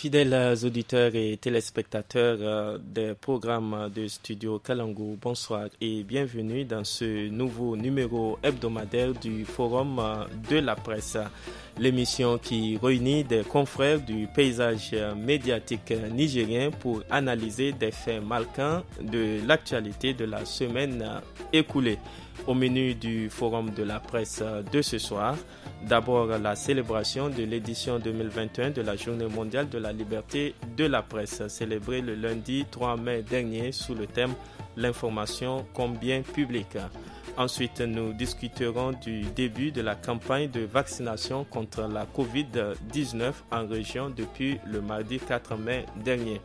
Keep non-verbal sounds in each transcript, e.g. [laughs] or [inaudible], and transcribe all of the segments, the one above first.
Fidèles auditeurs et téléspectateurs euh, des programmes de Studio Kalango, bonsoir et bienvenue dans ce nouveau numéro hebdomadaire du Forum euh, de la presse, l'émission qui réunit des confrères du paysage médiatique nigérien pour analyser des faits marquants de l'actualité de la semaine écoulée. Au menu du Forum de la presse de ce soir, d'abord la célébration de l'édition 2021 de la Journée mondiale de la liberté de la presse, célébrée le lundi 3 mai dernier sous le thème L'information comme bien public. Ensuite, nous discuterons du début de la campagne de vaccination contre la COVID-19 en région depuis le mardi 4 mai dernier.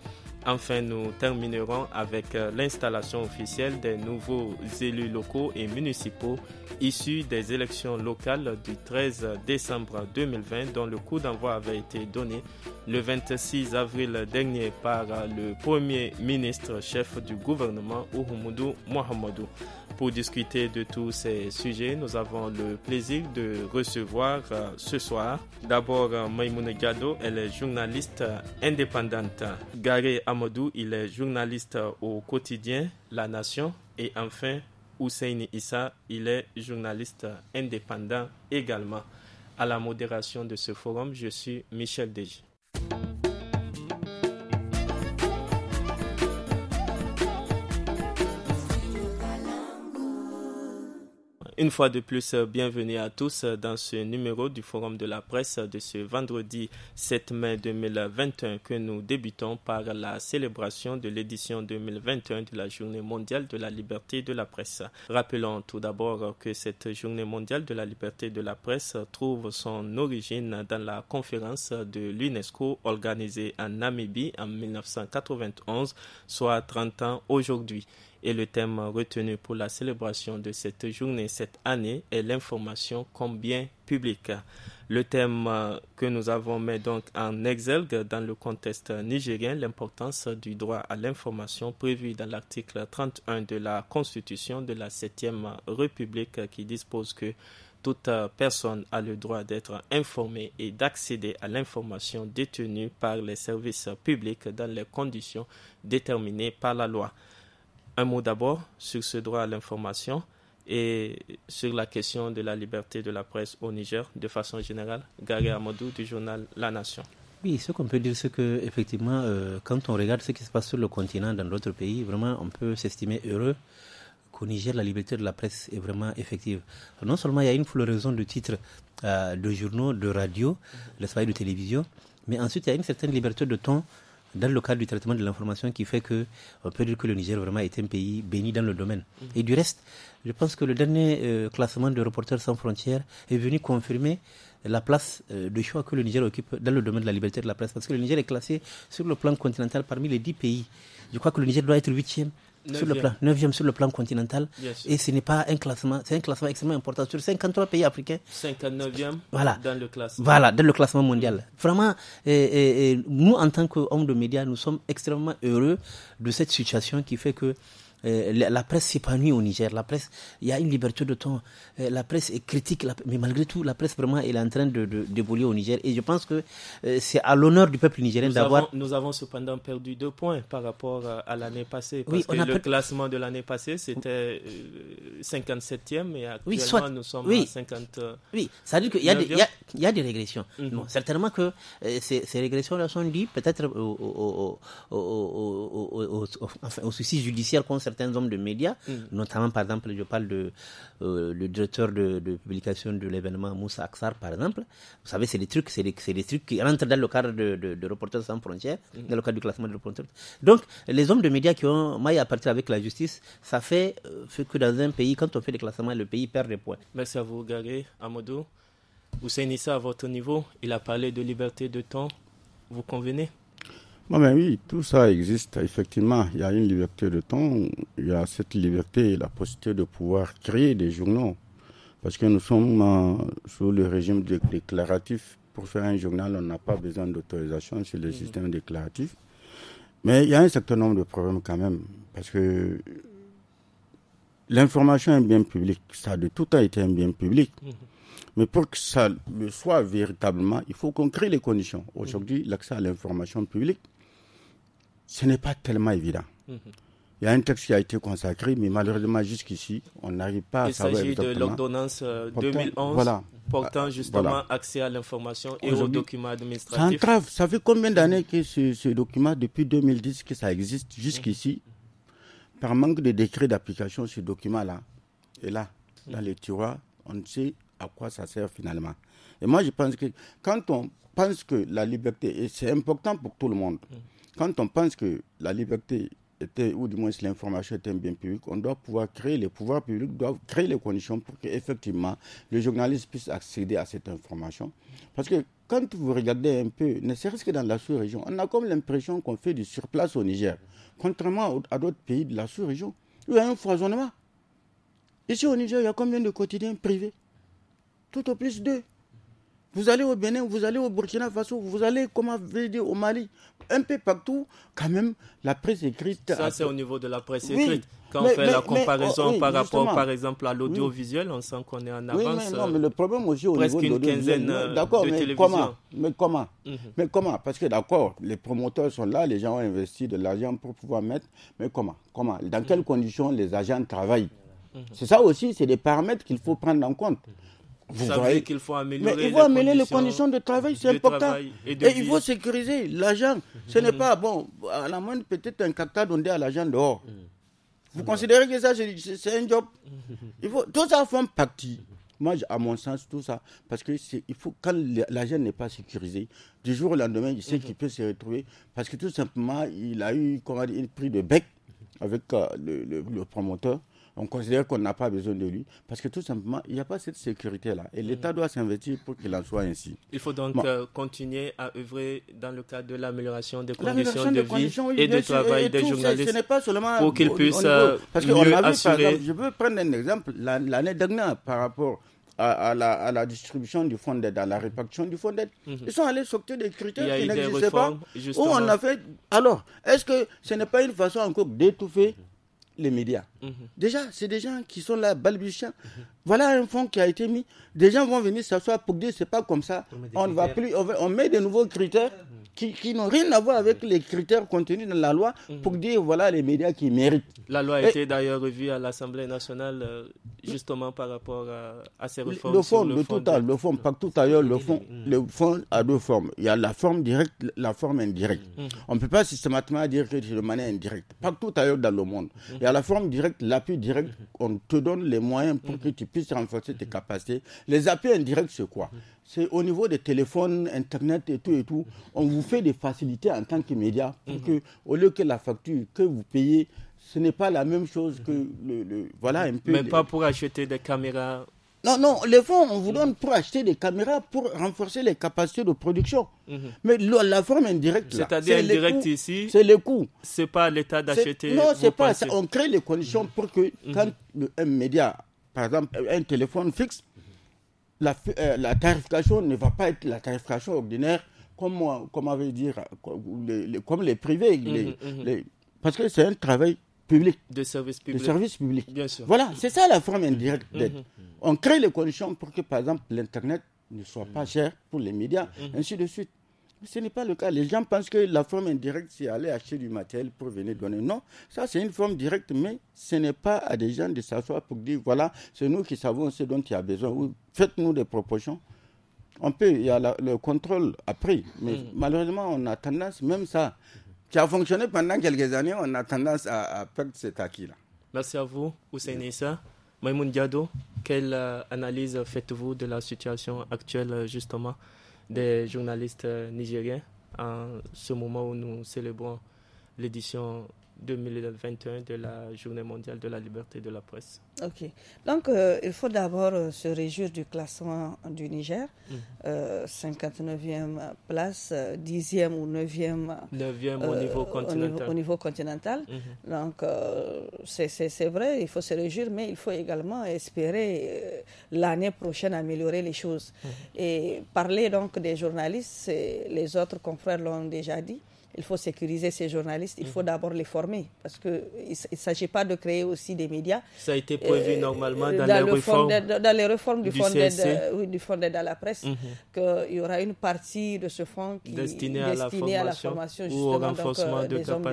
Enfin, nous terminerons avec euh, l'installation officielle des nouveaux élus locaux et municipaux issus des élections locales du 13 décembre 2020 dont le coup d'envoi avait été donné le 26 avril dernier par euh, le Premier ministre chef du gouvernement Uhumudu Mohamedou. Pour discuter de tous ces sujets, nous avons le plaisir de recevoir euh, ce soir d'abord euh, Maïmoune Gado, elle est journaliste euh, indépendante. Garé Amadou, il est journaliste au quotidien La Nation. Et enfin, Hussein Issa, il est journaliste indépendant également. À la modération de ce forum, je suis Michel Deji. Une fois de plus, euh, bienvenue à tous euh, dans ce numéro du Forum de la presse de ce vendredi 7 mai 2021 que nous débutons par la célébration de l'édition 2021 de la Journée mondiale de la liberté de la presse. Rappelons tout d'abord que cette Journée mondiale de la liberté de la presse trouve son origine dans la conférence de l'UNESCO organisée en Namibie en 1991, soit 30 ans aujourd'hui. Et le thème retenu pour la célébration de cette journée cette année est l'information comme bien public. Le thème euh, que nous avons mis donc en exergue dans le contexte nigérien, l'importance du droit à l'information prévu dans l'article 31 de la Constitution de la 7e République qui dispose que toute personne a le droit d'être informée et d'accéder à l'information détenue par les services publics dans les conditions déterminées par la loi un mot d'abord sur ce droit à l'information et sur la question de la liberté de la presse au Niger de façon générale. Gary Amadou du journal La Nation. Oui, ce qu'on peut dire, c'est que effectivement, euh, quand on regarde ce qui se passe sur le continent, dans d'autres pays, vraiment, on peut s'estimer heureux qu'au Niger, la liberté de la presse est vraiment effective. non seulement il y a une floraison de titres, euh, de journaux, de radio, de mm-hmm. de télévision, mais ensuite il y a une certaine liberté de ton dans le cadre du traitement de l'information qui fait que on peut dire que le Niger vraiment est un pays béni dans le domaine. Mm-hmm. Et du reste, je pense que le dernier euh, classement de Reporters sans frontières est venu confirmer euh, la place euh, de choix que le Niger occupe dans le domaine de la liberté de la presse, parce que le Niger est classé sur le plan continental parmi les dix pays. Je crois que le Niger doit être huitième sur le plan, 9e sur le plan continental. Et ce n'est pas un classement, c'est un classement extrêmement important sur 53 pays africains. 59e voilà. dans le classement. Voilà, dans le classement mondial. Vraiment, nous, en tant qu'hommes de médias, nous sommes extrêmement heureux de cette situation qui fait que euh, la presse s'épanouit au Niger. La presse, il y a une liberté de ton. Euh, la presse est critique, mais malgré tout, la presse vraiment est en train de, d'évoluer au Niger. Et je pense que euh, c'est à l'honneur du peuple nigérien d'avoir. Nous avons cependant perdu deux points par rapport à, l'année passée. Parce on que le classement de l'année passée, c'était 57e et actuellement nous sommes à 50. Oui, ça veut dire qu'il y, y a, des régressions. Mhm. Non, certainement que ces, régressions-là sont dues peut-être au, au, au, au judiciaire concernant certains hommes de médias, mm. notamment par exemple, je parle de euh, le directeur de, publication de l'événement Moussa Aksar, par exemple. Vous savez, c'est des trucs, c'est des, trucs qui rentrent dans le cadre de, Reporters sans frontières, mm. dans le cadre du classement de Reporters. Donc, les hommes de médias qui ont maille à partir avec la justice, ça fait, euh, fait, que dans un pays, quand on fait des classements, le pays perd des points. Merci à vous, Gary, Amadou. Hussein ça à votre niveau, il a parlé de liberté de temps. Vous convenez ben oui, tout ça existe. Effectivement, il y a une liberté de temps, il y a cette liberté et la possibilité de pouvoir créer des journaux. Parce que nous sommes sous le régime déclaratif. Pour faire un journal, on n'a pas besoin d'autorisation sur le mhm. système déclaratif. Mais il y a un certain nombre de problèmes quand même. Parce que l'information est un bien public. Ça, de tout a été un bien public. Mhm. Mais pour que ça le soit véritablement, il faut qu'on crée les conditions. Aujourd'hui, l'accès à l'information publique ce n'est pas tellement évident. Mhm. Il y a un texte qui a été consacré, mais malheureusement, jusqu'ici, on n'arrive pas à savoir. Il s'agit de l'ordonnance 2011 euh, voilà. portant ah, justement accès à l'information et aux documents administratifs. Ça entrave. Ça fait combien d'années que ce, document, depuis 2010, que ça existe jusqu'ici mhm. Par manque de décret d'application, ce document-là est là, dans mhm. les tiroirs. On ne sait à quoi ça sert finalement. Et moi, je pense que quand on pense que la liberté, et c'est important pour tout le monde. Quand on pense que la liberté était, ou du moins l'information était un bien public, on doit pouvoir créer, les pouvoirs publics doivent créer les conditions pour que effectivement le journaliste puisse accéder à cette information. Parce que quand vous regardez un peu, ne serait-ce que dans la sous-région, on a comme l'impression qu'on fait du surplace au Niger, contrairement à d'autres pays de la sous-région, où il y a un foisonnement. Ici au Niger, il y a combien de quotidiens privés Tout au plus deux. Vous allez au Bénin, vous allez au Burkina Faso, vous allez, comment vous dire, au Mali, un peu partout, quand même, la presse écrite. Ça, c'est au niveau de la presse écrite. quand on fait la comparaison par rapport, par exemple, à l'audiovisuel, on sent qu'on est en avance. mais, non, mais le problème aussi au niveau de l'audiovisuel. une quinzaine euh, D'accord, mais comment Mais comment mhm. Mais comment Parce que, d'accord, les promoteurs sont là, les gens ont investi de l'argent pour pouvoir mettre, mais comment Comment Dans quelles mhm. conditions les agents travaillent mhm. C'est ça aussi, c'est des paramètres qu'il faut prendre en compte. Vous savez qu'il faut améliorer, Mais il faut les, conditions les conditions de travail, c'est important. et, il faut sécuriser l'agent. Ce n'est mhm. pas, bon, à la moindre, peut-être un capital donné à l'agent dehors. Mhm. Vous considérez que ça, c'est un job [laughs] il faut, Tout ça fait partie. Moi, à mon sens, tout ça, parce que il faut, quand l'agent n'est pas sécurisé, du jour au lendemain, il sait mhm. qu'il peut se retrouver, parce que tout simplement, il a eu comment dire, une prise de bec avec euh, le, le, promoteur on considère qu'on n'a pas besoin de lui parce que tout simplement, il n'y a pas cette sécurité-là. Et mm. l'État doit s'investir pour qu'il en soit ainsi. Il faut donc euh, continuer à œuvrer dans le cadre de l'amélioration des conditions de, vie et de travail des journalistes. n'est pas seulement pour qu'ils puissent euh, mieux assurer... je veux prendre un exemple l'année dernière par rapport à, la, distribution du fonds d'aide, à la répartition du fonds d'aide. Mm-hmm. Ils sont allés sortir des critères qui n'existaient pas. Où on a fait. Alors, est-ce que ce n'est pas une façon encore d'étouffer mm-hmm les médias. Mhm. Déjà, c'est des gens qui sont là balbutiants. Voilà un fonds qui a été mis. Des gens vont venir s'asseoir pour dire c'est pas comme ça. On, ne va plus, on, met de nouveaux critères qui, n'ont rien à voir avec les critères contenus dans la loi mhm. pour dire voilà les médias qui méritent. La loi a été d'ailleurs revue à l'Assemblée nationale euh, justement par rapport à, ces réformes. Le fond, le, total, le fond, partout ailleurs, le fond, le fond a deux formes. Il y a la forme directe, la forme indirecte. Mhm. On ne peut pas systématiquement dire que c'est de manière indirecte. Mhm. Partout ailleurs dans le monde, il y a la forme directe, l'appui direct. On te donne les moyens pour que tu puisses renforcer tes capacités. Les appuis indirects, c'est quoi c'est au niveau des téléphones, Internet et tout et tout, on vous fait des facilités en tant que média que, au lieu que la facture que vous payez, ce n'est pas la même chose que le, voilà un peu. Mais pas pour acheter des caméras. Non, non, les fonds, on vous donne pour acheter des caméras pour renforcer les capacités de production. Mhm. Mais la, forme indirecte, c'est-à-dire ici, c'est le coût. C'est pas l'État d'acheter. Non, c'est pas. Ça, on crée les conditions pour que mhm. quand un média, par exemple, un téléphone fixe, euh, la, tarification ne va pas être la tarification ordinaire comme, euh, comme, dire, les, privés. Mhm, mhm. parce que c'est un travail public. De service public. service public. Voilà, c'est ça la forme indirecte mhm, d'aide. On crée les conditions pour que, par exemple, l'Internet ne soit pas cher pour les médias, ainsi de suite. Ce n'est pas le cas. Les gens pensent que la forme indirecte, c'est aller acheter du matériel pour venir donner. Non, ça c'est une forme directe, mais ce n'est pas à des gens de s'asseoir pour dire, voilà, c'est nous qui savons ce dont il y a besoin. Faites-nous des proportions. On peut, il y a le contrôle après, mais mm. malheureusement, on a tendance, même ça, qui a fonctionné pendant quelques années, on a tendance à, perdre cet acquis-là. Merci à vous, Hussein Issa. Maïmoun Diado, quelle euh, analyse faites-vous de la situation actuelle, justement des journalistes euh, nigériens en ce moment où nous célébrons l'édition 2021 de la Journée mondiale de la liberté de la presse. Ok. Donc, euh, il faut d'abord euh, se réjouir du classement du Niger. 59e mhm. euh, place, 10e ou 9e. au niveau continental. Au niveau, continental. Mhm. Donc, c'est vrai, il faut se réjouir, mais il faut également espérer l'année prochaine améliorer les choses. Mhm. Et parler donc des journalistes, les autres confrères l'ont déjà dit il faut sécuriser ces journalistes, il faut mhm. d'abord les former, parce qu'il ne s'agit pas de créer aussi des médias. Ça a été prévu euh, normalement dans, les réformes dans les réformes du, fonds euh, d'aide à la presse, Il mhm. qu'il y aura une partie de ce fonds qui destinée à, à, la formation ou au renforcement euh, des, hommes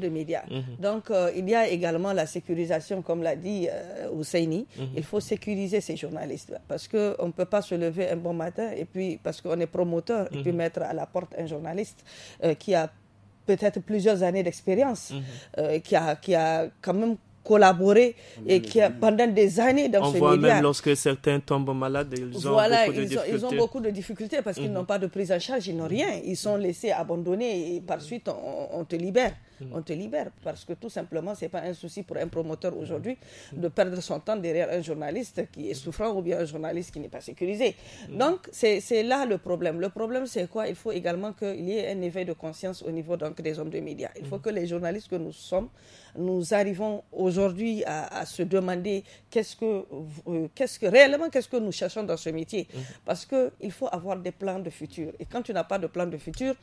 de médias, mhm. Donc il y a également la sécurisation, comme l'a dit Ousseini, il faut sécuriser ces journalistes, parce qu'on ne peut pas se lever un bon matin et puis parce qu'on est promoteur et puis mettre à la porte un journaliste. Euh, qui a peut-être plusieurs années d'expérience, mhm. euh, qui, a, quand même collaboré et mhm. qui a, pendant des années dans On voit même lorsque certains tombent malades, ils ont beaucoup de difficultés. ils ont beaucoup de difficultés parce qu'ils mhm. n'ont pas de prise en charge, ils n'ont rien. Ils sont laissés abandonnés et par suite on te libère. Mm. on te libère. Parce que tout simplement, ce n'est pas un souci pour un promoteur aujourd'hui mm. de perdre son temps derrière un journaliste qui est mm. souffrant ou bien un journaliste qui n'est pas sécurisé. Donc, c'est là le problème. Le problème, c'est quoi Il faut également qu'il y ait un éveil de conscience au niveau donc, des hommes de médias. Il faut que les journalistes que nous sommes, nous arrivons aujourd'hui à, se demander qu'est-ce que, euh, qu'est-ce que réellement qu'est-ce que nous cherchons dans ce métier. Mhm. parce Parce qu'il faut avoir des plans de futur. Et quand tu n'as pas de plan de futur,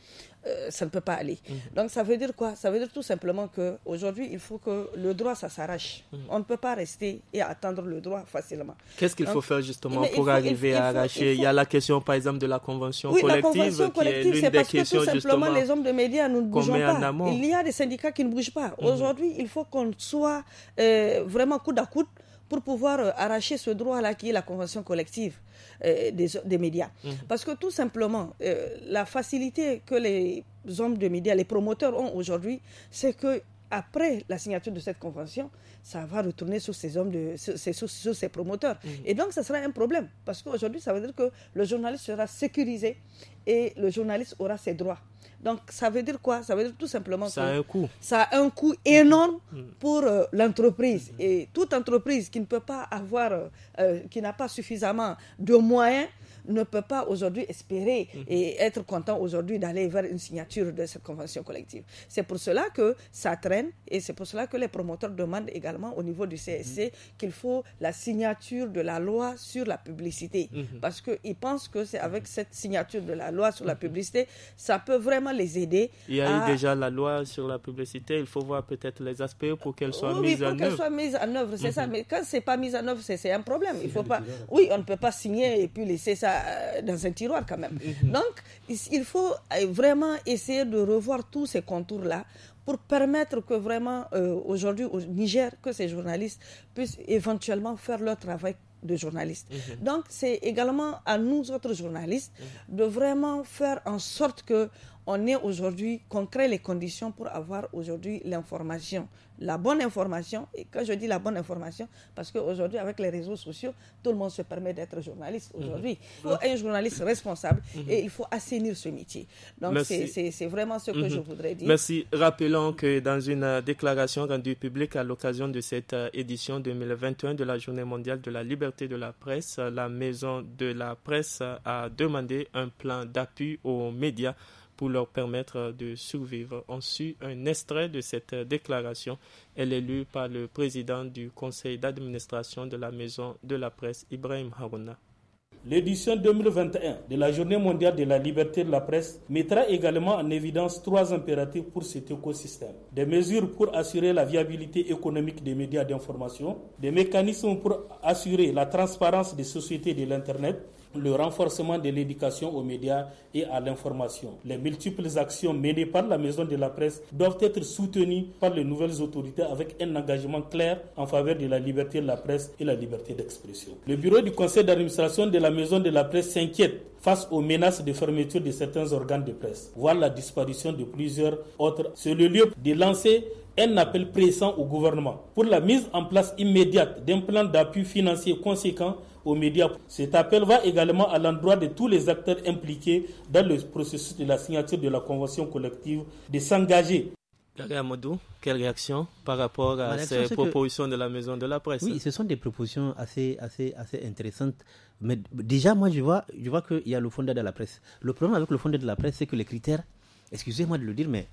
euh, ça ne peut pas aller. Mhm. Donc ça veut dire quoi Ça veut dire tout simplement qu'aujourd'hui, il faut que le droit, ça s'arrache. Mhm. On ne peut pas rester et attendre le droit facilement. Qu'est-ce qu'il faut faire justement eh pour arriver à arracher il, y a la question, par exemple, de la convention collective. La convention collective, c'est parce que tout simplement, les hommes de médias, nous ne bougeons pas. Il y a des syndicats qui ne bougent pas. Aujourd'hui, il faut qu'on soit euh, vraiment coude à coude pour pouvoir euh, arracher ce droit-là qui est la convention collective euh, des, médias. Mmh. Parce que tout simplement, la facilité que les hommes de médias, les promoteurs ont aujourd'hui, c'est que après la signature de cette convention, ça va retourner sur ces hommes, de, sur, ces promoteurs. Mmh. Et donc, ça sera un problème. Parce qu'aujourd'hui, ça veut dire que le journaliste sera sécurisé et le journaliste aura ses droits. Donc, ça veut dire quoi Ça veut dire tout simplement ça que a un coût. Ça a un coût énorme mmh. pour euh, l'entreprise. Mmh. Et toute entreprise qui ne peut pas avoir, euh, euh, qui n'a pas suffisamment de moyens, ne peut pas aujourd'hui espérer mhm. et être content aujourd'hui d'aller vers une signature de cette convention collective. C'est pour cela que ça traîne et c'est pour cela que les promoteurs demandent également au niveau du CSC mhm. qu'il faut la signature de la loi sur la publicité. Mhm. Parce qu'ils pensent que c'est avec cette signature de la loi sur la publicité, ça peut vraiment les aider. Il y a eu déjà la loi sur la publicité, il faut voir peut-être les aspects pour qu'elle soit, oh oui, mise, pour qu'elle soit mise en œuvre. c'est ça. Mais quand c'est pas mise en œuvre, c'est un problème. Il faut pas. Oui, on ne peut pas signer et puis laisser ça euh, dans un tiroir quand même. Mhm. Donc, il faut euh, vraiment essayer de revoir tous ces contours-là pour permettre que vraiment, euh, aujourd'hui, au Niger, que ces journalistes puissent éventuellement faire leur travail de journaliste mhm. Donc, c'est également à nous autres journalistes mhm. de vraiment faire en sorte que on est aujourd'hui, concret crée les conditions pour avoir aujourd'hui l'information, la bonne information. Et quand je dis la bonne information, parce qu'aujourd'hui, avec les réseaux sociaux, tout le monde se permet d'être journaliste mhm. aujourd'hui. Il faut un journaliste responsable mhm. et il faut assainir ce métier. Donc, c'est vraiment ce que mhm. je voudrais dire. Merci. Rappelons que dans une euh, déclaration rendue publique à l'occasion de cette euh, édition 2021 de la Journée mondiale de la liberté de la presse, la Maison de la presse a demandé un plan d'appui aux médias pour leur permettre euh, de survivre. On suit un extrait de cette euh, déclaration. Elle est lue par le président du conseil d'administration de la Maison de la Presse, Ibrahim Harouna. L'édition 2021 de la Journée mondiale de la liberté de la presse mettra également en évidence trois impératifs pour cet écosystème. Des mesures pour assurer la viabilité économique des médias d'information, des mécanismes pour assurer la transparence des sociétés de l'Internet le renforcement de l'éducation aux médias et à l'information. Les multiples actions menées par la maison de la presse doivent être soutenues par les nouvelles autorités avec un engagement clair en faveur de la liberté de la presse et la liberté d'expression. Le bureau du conseil d'administration de la maison de la presse s'inquiète face aux menaces de fermeture de certains organes de presse, voire la disparition de plusieurs autres. C'est le lieu de lancer un appel pressant au gouvernement pour la mise en place immédiate d'un plan d'appui financier conséquent aux médias. Cet appel va également à l'endroit de tous les acteurs impliqués dans le processus de la signature de la convention collective de s'engager. Amadou, quelle réaction par rapport à ces propositions de la maison de la presse Oui, ce sont des propositions assez, assez, assez intéressantes. Mais déjà, moi, je vois, je vois qu'il y a le fondé de la presse. Le problème avec le fondé de la presse, c'est que les critères, excusez-moi de le dire, mais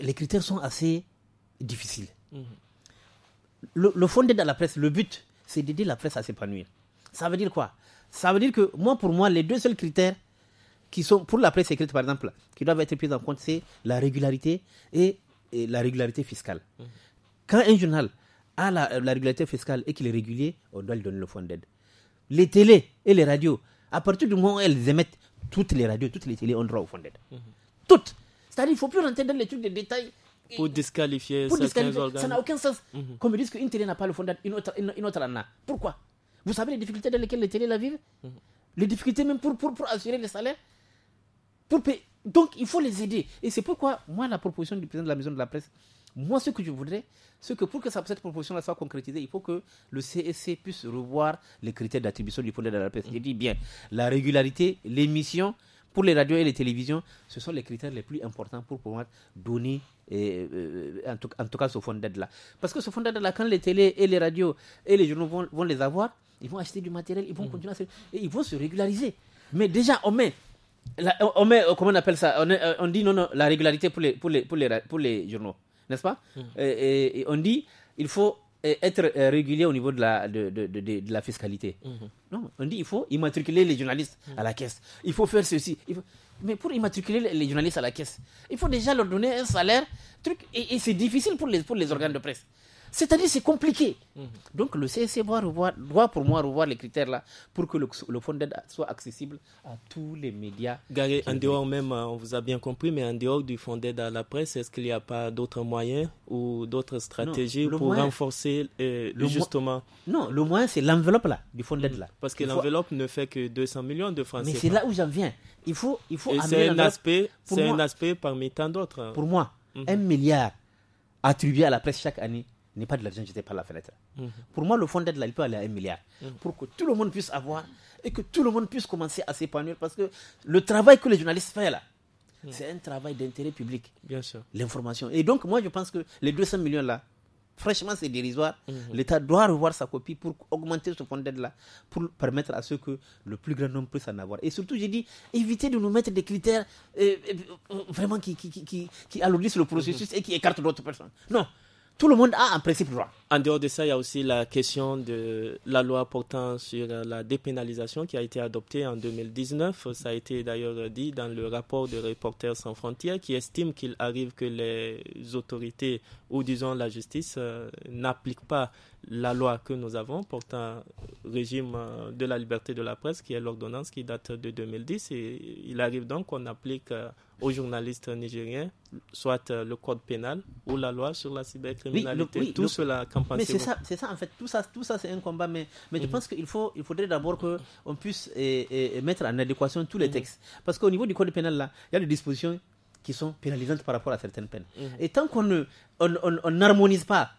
les critères sont assez difficiles. Mhm. Le, le fondé de la presse, le but, c'est d'aider la presse à s'épanouir. Ça veut dire quoi Ça veut dire que moi, pour moi, les deux seuls critères qui sont pour la presse écrite, par exemple, qui doivent être pris en compte, c'est la régularité et, la régularité fiscale. Mmh. Quand un journal a euh, la, régularité fiscale et qu'il est régulier, on doit lui donner le fonds d'aide. Les télés et les radios, à partir du moment où elles émettent, toutes les radios, toutes les télés ont droit au fond d'aide. Mmh. Toutes. C'est-à-dire qu'il ne faut plus rentrer dans les trucs de détails Pour disqualifier Ça n'a aucun sens. Comme ils disent qu'une télé n'a pas le fond d'aide, une autre, une autre en a. Pourquoi vous savez les difficultés dans lesquelles les télés la vivent mhm. Les difficultés même pour, assurer les salaires pour payer. Donc, il faut les aider. Et c'est pourquoi, moi, la proposition du président de la maison de la presse, moi, ce que je voudrais, c'est que pour que cette proposition-là soit concrétisée, il faut que le CSC puisse revoir les critères d'attribution du fonds de la presse. Mhm. Je dit, bien, la régularité, l'émission, pour les radios et les télévisions, ce sont les critères les plus importants pour pouvoir donner, eh, eh, eh, en, tout, cas, ce fonds d'aide-là. Parce que ce fonds d'aide-là, quand les télés et les radios et les journaux vont les avoir, ils vont acheter du matériel, ils vont mm. continuer à se, et ils vont se régulariser. Mais déjà, on met, euh, comment on appelle ça euh, on, dit non, non, la régularité pour les, pour les, pour les, journaux, n'est-ce pas mm. et, on dit, il faut euh, être régulier au niveau de la, de, la fiscalité. Mm. Non, on dit, il faut immatriculer les journalistes à la caisse. Il faut faire ceci. Mais pour immatriculer les journalistes à la caisse, il faut déjà leur donner un salaire. Truc, et, et c'est difficile pour les, pour les organes de presse. C'est-à-dire c'est compliqué. Mhm. Donc le CSC doit, revoir, doit pour moi revoir les critères là pour que le, fonds d'aide soit accessible à tous les médias. Gary, en dehors même, euh, on vous a bien compris, mais en dehors du fonds d'aide à la presse, est-ce qu'il n'y a pas d'autres moyens ou d'autres stratégies pour renforcer euh, le justement Non, le moyen c'est l'enveloppe là du fonds d'aide là. Mhm. Parce que l'enveloppe ne fait que 200 millions de francs. Mais c'est là où j'en viens. Il faut, il faut. c'est un aspect, c'est un aspect parmi tant d'autres. Pour moi, mhm. un milliard attribué à la presse chaque année n'est pas de l'argent jeté par la fenêtre. Mhm. Pour moi, le fonds d'aide, là, il peut aller à un milliard. Mhm. Pour que tout le monde puisse avoir et que tout le monde puisse commencer à s'épanouir. Parce que le travail que les journalistes font là, mhm. c'est un travail d'intérêt public. Bien sûr. L'information. Et donc, moi, je pense que les 200 millions là, franchement, c'est dérisoire. L'État doit revoir sa copie pour augmenter ce fonds d'aide là, pour permettre à ceux que le plus grand nombre puisse en avoir. Et surtout, j'ai dit, évitez de nous mettre des critères euh, euh, vraiment qui, qui, qui, qui alourdissent le processus et qui écartent d'autres personnes. Non tout le monde a un principe droit. En dehors de ça, il y a aussi la question de la loi portant sur euh, la dépénalisation qui a été adoptée en 2019. Ça a été d'ailleurs dit dans le rapport de Reporters sans frontières qui estime qu'il arrive que les autorités ou disons la justice euh, n'appliquent pas la loi que nous avons portant régime euh, de la liberté de la presse qui est l'ordonnance qui date de 2010 et il arrive donc qu'on applique aux journalistes nigériens soit le code pénal ou la loi sur la cybercriminalité. tout cela quand mais c'est ça, en fait. Tout ça, tout ça, c'est un combat. Mais, mais je mhm. pense qu'il faut, il faudrait d'abord qu'on puisse mettre en adéquation tous les mhm. textes, parce qu'au niveau du code pénal là, il y a des dispositions qui sont pénalisantes par rapport à certaines peines. Mhm. Et tant qu'on ne, on, on, n'harmonise pas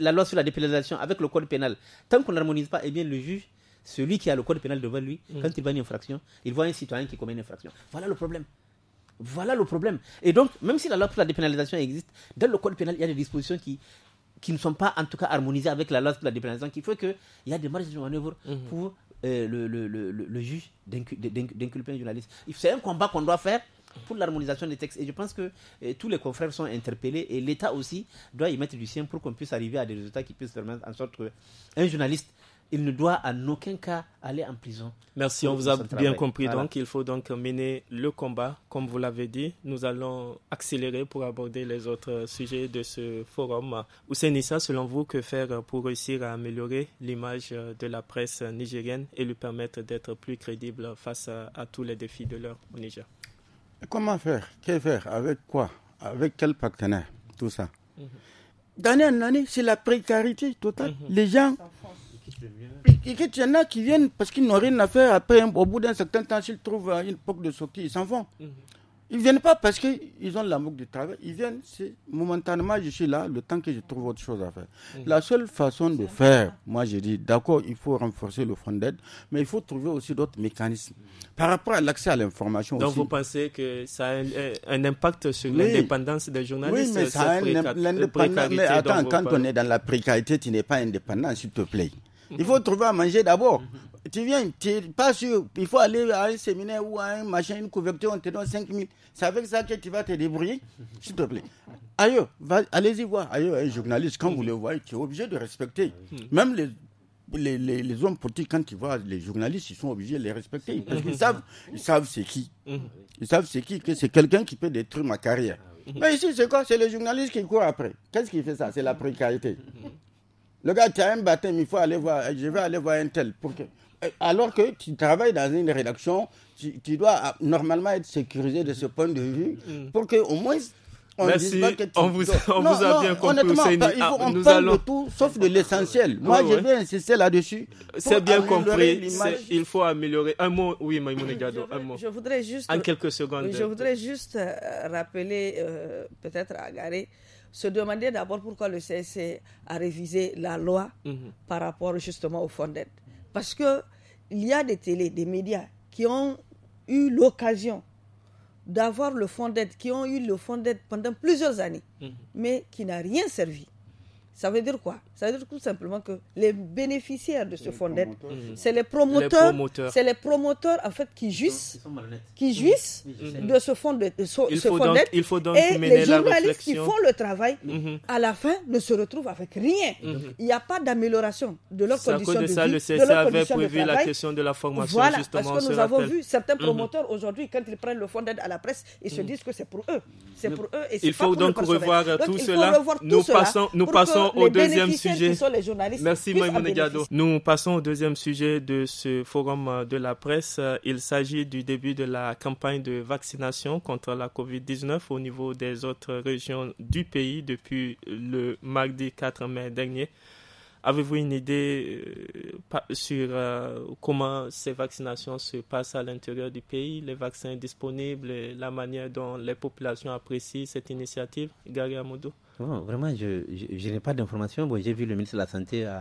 la loi sur la dépénalisation avec le code pénal, tant qu'on n'harmonise pas, eh bien le juge celui qui a le code pénal devant lui, quand il voit une infraction, il voit un citoyen qui commet une infraction. Voilà le problème. Voilà le problème. Et donc, même si la loi sur la dépénalisation existe, dans le code pénal, il y a des dispositions qui, qui ne sont pas en tout cas harmonisés avec la loi de la dépendance, qui fait qu'il y a des marges de manœuvre mhm. pour euh, le, juge d'inculper un journaliste. C'est un combat qu'on doit faire pour l'harmonisation des textes. Et je pense que euh, tous les confrères sont interpellés et l'État aussi doit y mettre du sien pour qu'on puisse arriver à des résultats qui puissent faire en sorte qu'un journaliste il ne doit en aucun cas aller en prison. Merci, on vous a bien compris. Donc, il faut donc mener le combat, comme vous l'avez dit. Nous allons accélérer pour aborder les autres sujets de ce forum. Nissa, selon vous, que faire pour réussir à améliorer l'image de la presse nigérienne et lui permettre d'être plus crédible face à, tous les défis de l'heure au Niger Comment faire Que faire Avec quoi Avec quel partenaire Tout ça. Mm c'est la précarité totale. Mhm. Les gens et il y en a qui viennent parce qu'ils n'ont rien à faire. Après, au bout d'un certain temps, s'ils trouvent euh, une porte de sortie, ils s'en vont. Mhm. Ils ne viennent pas parce qu'ils ont la du travail. Ils viennent, c'est momentanément, je suis là, le temps que je trouve autre chose à faire. Mhm. La seule façon de faire, moi je dis, d'accord, il faut renforcer le front d'aide, mais il faut trouver aussi d'autres mécanismes. Par rapport à l'accès à l'information Donc vous pensez que ça a un, impact sur l'indépendance des journalistes Oui, mais ça a l'indépendance. Mais attends, quand on est dans la précarité, tu n'es pas indépendant, s'il te plaît. Il faut trouver à manger d'abord. Tu viens, tu n'es pas sûr. Il faut aller à un séminaire ou à un machin, une couverture, on te donne 5 000. C'est avec ça que tu vas te débrouiller, s'il te plaît. Ailleurs, allez-y voir. Ailleurs, un journaliste, quand vous le voyez, tu es obligé de respecter. Même les les, hommes politiques, quand ils voient les journalistes, ils sont obligés de les respecter. Parce qu'ils savent, ils savent c'est qui. Ils savent c'est qui, que c'est quelqu'un qui peut détruire ma carrière. Mais ici, c'est quoi C'est le journaliste qui court après. Qu'est-ce qui fait ça C'est la précarité. Le gars, tu as un baptême, il faut aller voir, je vais aller voir un tel. Pour Alors que tu travailles dans une rédaction, tu, dois ah, normalement être sécurisé de ce point de vue mm. pour que au moins on Merci. On vous, on vous a bien compris. Honnêtement, il faut, ah, on parle de tout sauf de l'essentiel. Ah, Moi, je vais insister là-dessus. C'est bien compris. Il faut améliorer. Un mot, oui, Maïmoune Gado, un mot. Je voudrais juste. En quelques secondes. Je voudrais juste euh, rappeler, euh, peut-être à Gary, se demander d'abord pourquoi le CSC a révisé la loi mhm. par rapport justement au fonds d'aide. Parce qu'il y a des télés, des médias qui ont eu l'occasion d'avoir le fond d'aide, qui ont eu le fond d'aide pendant plusieurs années, mhm. mais qui n'a rien servi. Ça veut dire quoi Ça veut dire tout simplement que les bénéficiaires de ce fonds d'aide, mm-hmm. c'est les promoteurs, c'est les promoteurs en fait qui jouissent, qui jouissent mm-hmm. de ce fonds d'aide. et les journalistes qui font le travail mm-hmm. à la fin ne se retrouvent avec rien. Il n'y a pas d'amélioration de leurs conditions de, ça, vie, le CSA avait prévu la question de la formation voilà, Parce que nous avons vu certains promoteurs aujourd'hui quand ils prennent le fonds d'aide à la presse, ils se disent que c'est pour eux, c'est pour eux et c'est pour euh, Il faut donc revoir tout cela. Nous passons, nous passons au deuxième sujet. Merci Gado. Nous passons au deuxième sujet de ce forum euh, de la presse. Euh, il s'agit du début de la campagne de vaccination contre la COVID-19 au niveau des autres régions du pays depuis le mardi 4 mai dernier. Avez-vous une idée euh, sur euh, comment ces vaccinations se passent à l'intérieur du pays, les vaccins disponibles, la manière dont les populations apprécient cette initiative Gary Amoudou Vraiment, je, n'ai pas d'informations. j'ai vu le ministre de la Santé, euh,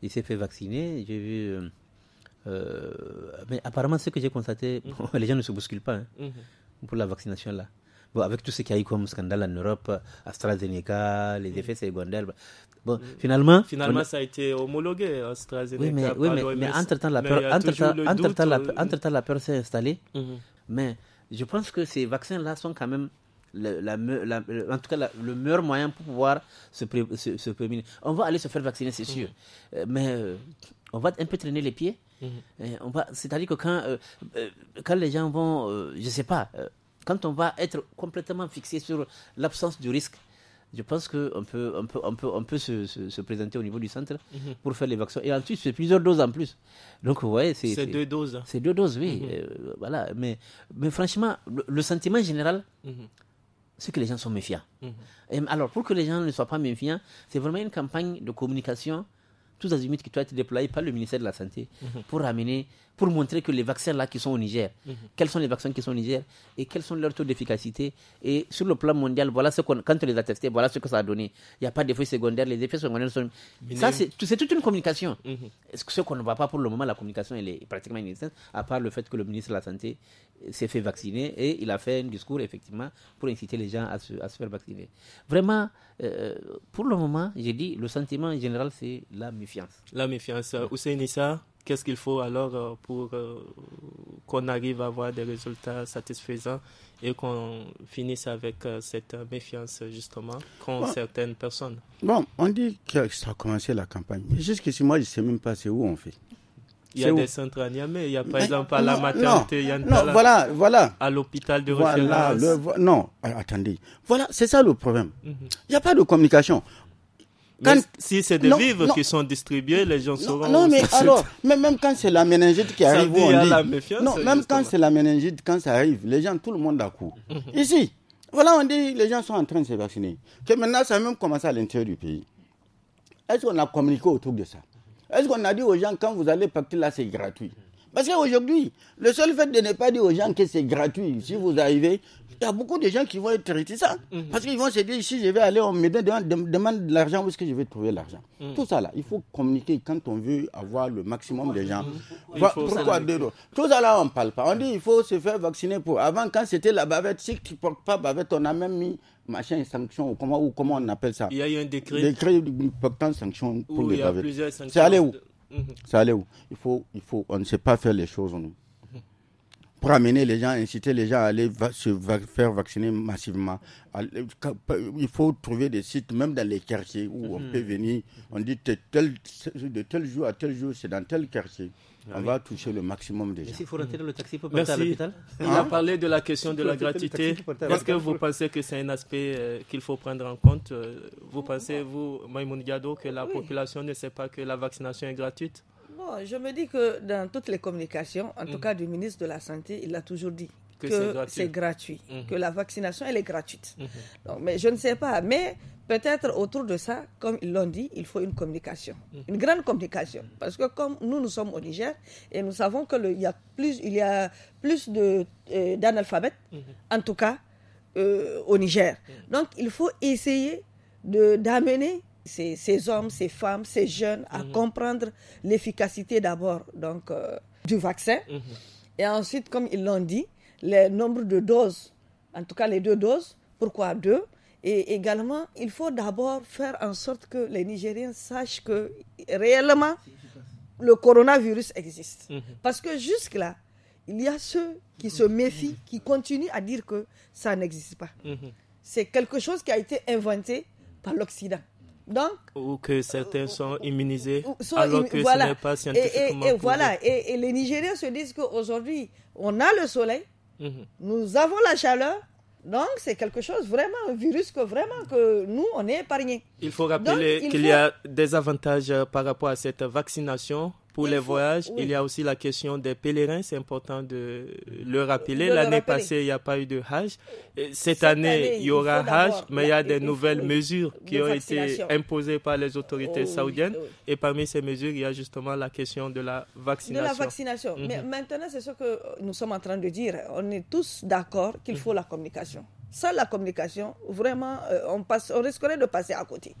il s'est fait vacciner. J'ai vu. mais apparemment, ce que j'ai constaté, mm-hmm. [laughs] les gens ne se bousculent pas hein, mm-hmm. pour la vaccination là. Bon, avec tout ce qu'il y a eu comme scandale en Europe, AstraZeneca, les mm-hmm. effets secondaires, bah, Bon, finalement. Finalement, ça a été homologué, AstraZeneca. Hein, oui, mais, oui, mais, mais entre-temps, la, peur, entre euh, la peur s'est installée. Mhm. Mais je pense que ces vaccins-là sont quand même. Le, la, en tout cas, le meilleur moyen pour pouvoir se, se, se On va aller se faire vacciner, c'est mhm. sûr. Euh, mais euh, on va un peu traîner les pieds. Mhm. on va, c'est-à-dire que quand, quand les gens vont, je je sais pas, quand on va être complètement fixé sur l'absence du risque, je pense qu'on peut, peut, on peut, on peut se, présenter au niveau du centre mhm. pour faire les vaccins. Et ensuite, c'est plusieurs doses en plus. Donc, vous voyez, c'est. deux doses. C'est deux doses, oui. Mhm. Euh, voilà. Mais, mais franchement, le, sentiment général, mhm. c'est que les gens sont méfiants. alors, pour que les gens ne soient pas méfiants, c'est vraiment une campagne de communication, tous azimuts, qui doit être déployée par le ministère de la Santé pour ramener pour montrer que les vaccins là qui sont au Niger, mhm. quels sont les vaccins qui sont au Niger et quels sont leurs taux d'efficacité. Et sur le plan mondial, voilà ce qu'on, quand on les a testés, voilà ce que ça a donné. Il n'y a pas d'effets secondaires, les effets secondaires sont. Ça, c'est, toute une communication. Mhm. Ce qu'on ne voit pas pour le moment, la communication, elle est pratiquement inexistante, à part le fait que le ministre de la Santé s'est fait vacciner et il a fait un discours, effectivement, pour inciter les gens à se, faire vacciner. Vraiment, euh, pour le moment, j'ai dit, le sentiment général, c'est la méfiance. La méfiance. Hussein euh, ça? qu'est-ce qu'il faut alors euh, pour euh, qu'on arrive à avoir des résultats satisfaisants et qu'on finisse avec euh, cette méfiance justement qu'ont certaines personnes. Bon, on dit que ça a commencé la campagne. Jusqu'ici, moi, je ne sais même pas c'est où on fait. Il y a des centres à Niamey, il y a par exemple à la maternité, non, voilà, voilà. à l'hôpital de voilà, non, attendez. Voilà, c'est ça le problème. Mhm. Il y n'y a pas de communication si c'est des vivres qui sont distribués, les gens seront... sauront. Non, mais [laughs] alors, même quand c'est la méningite qui arrive, on dit. non, même quand c'est la quand ça arrive, les gens, tout le monde a mhm. Ici, voilà, on dit les gens sont en train de se vacciner. Que maintenant, ça a même commencé à l'intérieur du pays. Est-ce qu'on a communiqué autour de ça Est-ce qu'on a dit aux gens, quand vous allez partir là, c'est gratuit parce qu'aujourd'hui, le seul fait de ne pas dire aux gens que c'est gratuit, si vous arrivez, il y a beaucoup de gens qui vont être réticents. Mhm. Parce qu'ils vont se dire, si je vais aller, on me demande, de l'argent, où est-ce que je vais trouver l'argent mhm. Tout ça, là, il faut communiquer quand on veut avoir le maximum de gens. Mhm. pourquoi deux Tout ça, là, on ne parle pas. On dit, il faut se faire vacciner pour. Avant, quand c'était la bavette, si tu ne portes pas bavette, on a même mis machin sanction ou comment, ou comment on appelle ça Il y a eu un décret. Décret portant sanction pour les bavettes. C'est allé où Mhm. Ça allait où il faut, il faut, On ne sait pas faire les choses, nous. Mhm. Pour amener les gens, inciter les gens à aller se faire vacciner massivement. Il faut trouver des sites, même dans les quartiers, où on mhm. peut venir. On dit de tel jour à tel jour, c'est dans tel quartier. Ah on va toucher le maximum des gens. S'il Il a parlé de la question de la gratuité. Est-ce que vous pensez que c'est un aspect euh, qu'il faut prendre en compte euh, Vous pensez, vous, Maïmoun Diado, que la population ne sait pas que la vaccination est gratuite je me dis que dans toutes les communications, en tout mm. cas du ministre de la Santé, il l'a toujours dit que, c'est gratuit, mhm. que la vaccination elle est gratuite. Mhm. mais je ne sais pas, mais peut-être autour de ça, comme ils l'ont dit, il faut une communication, mhm. une grande communication, parce que comme nous nous sommes au Niger et nous savons que y a plus il y a plus de euh, d'analphabètes, en tout cas euh, au Niger. Donc il faut essayer d'amener ces, hommes, ces femmes, ces jeunes à comprendre l'efficacité d'abord euh, du vaccin et ensuite comme ils l'ont dit les nombres de doses, en tout cas les deux doses. Pourquoi deux Et également, il faut d'abord faire en sorte que les Nigériens sachent que réellement le coronavirus existe. Mmh. Parce que jusque-là, il y a ceux qui se méfient, mmh. qui continuent à dire que ça n'existe pas. Mmh. C'est quelque chose qui a été inventé par l'Occident. Donc, ou que certains sont euh, immunisés alors que ce n'est pas scientifiquement et, voilà. Et, et, les Nigériens se disent qu'aujourd'hui, on a le soleil, Mhm. Nous avons la chaleur. Donc, c'est quelque chose vraiment, un virus que vraiment que nous, on est épargné. Il faut rappeler qu'il y a des avantages euh, par rapport à cette vaccination pour les voyages. Il y a aussi la question des pèlerins. C'est important de le rappeler. L'année passée, il n'y a pas eu de Hajj. Cette, année, il y aura un Hajj, mais il y a des nouvelles mesures qui ont été imposées par les autorités oh saoudiennes. Oh et parmi ces mesures, il y a justement la question de la vaccination. De la vaccination. Mhm. Mais maintenant, c'est ce que nous sommes en train de dire. On est tous d'accord qu'il mhm. faut la communication sans la communication, vraiment, euh, on, passe, on risquerait de passer à côté.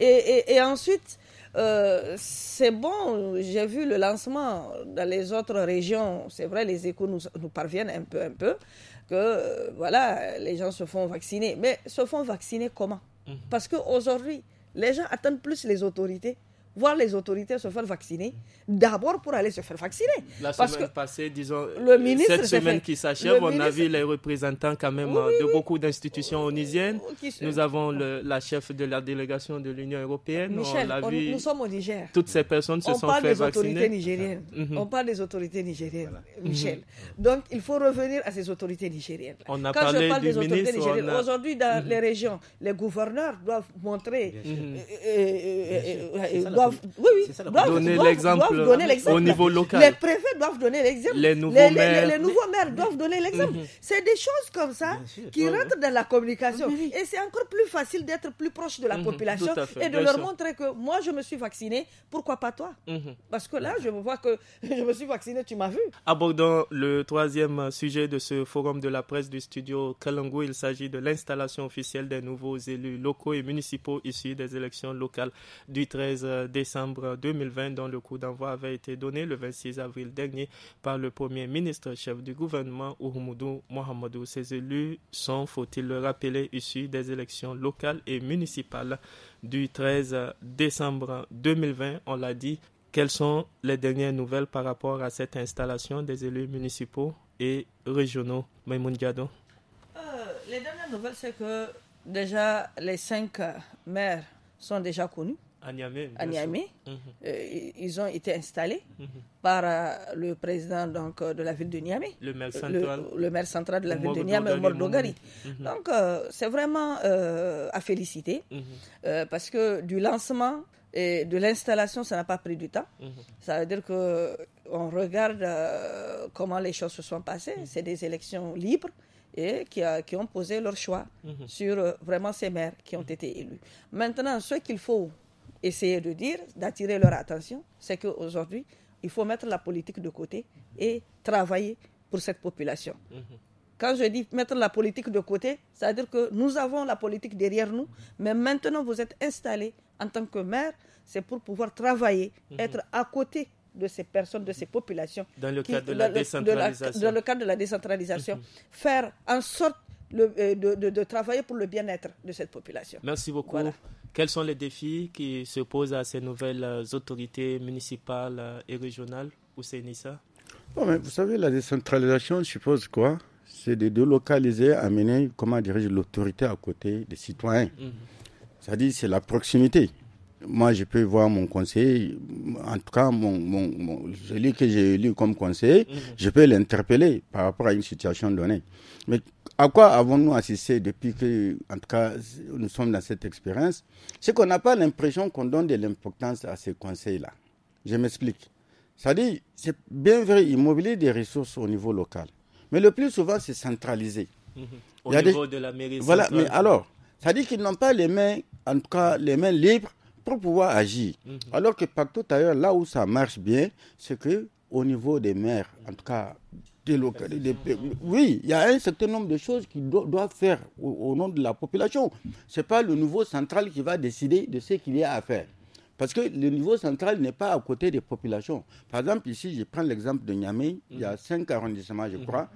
Et, et ensuite, euh, c'est bon, j'ai vu le lancement dans les autres régions. C'est vrai, les échos nous, parviennent un peu, un peu, que euh, voilà, les gens se font vacciner. Mais se font vacciner comment mhm. Parce qu'aujourd'hui, les gens attendent plus les autorités voir les autorités se faire vacciner, d'abord pour aller se faire vacciner. La Parce semaine que passée, disons, le ministre cette semaine qui s'achève, on a vu les représentants quand même euh, de beaucoup d'institutions onisiennes. Oh, nous avons la chef de la délégation de l'Union européenne. Michel, on nous sommes au Niger. Toutes ces personnes se sont fait vacciner. parle des autorités nigériennes. [laughs] Mhm. On parle des autorités nigériennes, euh, Michel. Mhm. Donc, il faut revenir à ces autorités nigériennes. On quand parlé je parle des autorités nigériennes, aujourd'hui, dans mhm. les régions, les gouverneurs doivent montrer oui, oui, donner l'exemple au niveau local. Les préfets doivent donner l'exemple. Les nouveaux maires. doivent donner l'exemple. Mhm. C'est des choses comme ça qui oh. rentrent dans la communication. Et c'est encore plus facile d'être plus proche de la mhm. population et de leur montrer que moi, je me suis vacciné, pourquoi pas toi mhm. Parce que là, je me vois que [laughs] je me suis vacciné, tu m'as vu. Abordons le troisième sujet de ce forum de la presse du studio Kalangou. Il s'agit de l'installation officielle des nouveaux élus locaux et municipaux issus des élections locales du 13 décembre 2020 dont le coup d'envoi avait été donné le 26 avril dernier par le premier ministre chef du gouvernement Oumoudou Mohamedou. Ces élus sont, faut-il le rappeler, issus des élections locales et municipales du 13 décembre 2020, on l'a dit. Quelles sont les dernières nouvelles par rapport à cette installation des élus municipaux et régionaux Maïmoun euh, Les dernières nouvelles, c'est que déjà les cinq maires sont déjà connus à Niamey. Mhm. Euh, ils ont été installés mhm. par euh, le président donc, euh, de la ville de Niamey. Le maire central. Le, maire central de la ville de Niamey, Mordogari. Mhm. Donc, c'est vraiment à féliciter parce que du lancement et de l'installation, ça n'a pas pris du temps. Ça veut dire que on regarde comment les choses se sont passées. C'est des élections libres et qui, qui ont posé leur choix sur vraiment ces maires qui ont été élus. Maintenant, ce qu'il faut essayer de dire, d'attirer leur attention, c'est qu'aujourd'hui, il faut mettre la politique de côté et travailler pour cette population. Mhm. Quand je dis mettre la politique de côté, ça veut dire que nous avons la politique derrière nous, mais maintenant vous êtes installé en tant que maire, c'est pour pouvoir travailler, mhm. être à côté de ces personnes, de ces populations. Dans le cadre de, la, décentralisation. dans le cadre de la décentralisation. Mhm. Faire en sorte euh, de, de, travailler pour le bien-être de cette population. Merci beaucoup. Quels sont les défis qui se posent à ces nouvelles euh, autorités municipales euh, et régionales ou CNISA bon, mais Vous savez, la décentralisation suppose quoi C'est de délocaliser, amener, comment dirais l'autorité à côté des citoyens. Mhm. C'est-à-dire, c'est la proximité. Moi, je peux voir mon conseiller, en tout cas, mon, mon, celui que j'ai élu comme conseiller, mhm. je peux l'interpeller par rapport à une situation donnée. Mais à quoi avons-nous assisté depuis que, en tout cas, nous sommes dans cette expérience C'est qu'on n'a pas l'impression qu'on donne de l'importance à ces conseils-là. Je m'explique. C'est-à-dire, c'est bien vrai, immobilier des ressources au niveau local. Mais le plus souvent, c'est centralisé. Mm-hmm. Au niveau de la mairie. Voilà, mais alors, ça dit qu'ils n'ont pas les mains, en tout cas, les mains libres pour pouvoir agir. Mm-hmm. Alors que partout ailleurs, là où ça marche bien, c'est que au niveau des maires, en tout cas oui, il y a un certain nombre de choses qu'ils doivent faire au, nom de la population. Ce n'est pas le niveau central qui va décider de ce qu'il y a à faire. Parce que le niveau central n'est pas à côté des populations. Par exemple, ici, je prends l'exemple de Niamey. Il y a mhm. cinq arrondissements, je mhm. crois.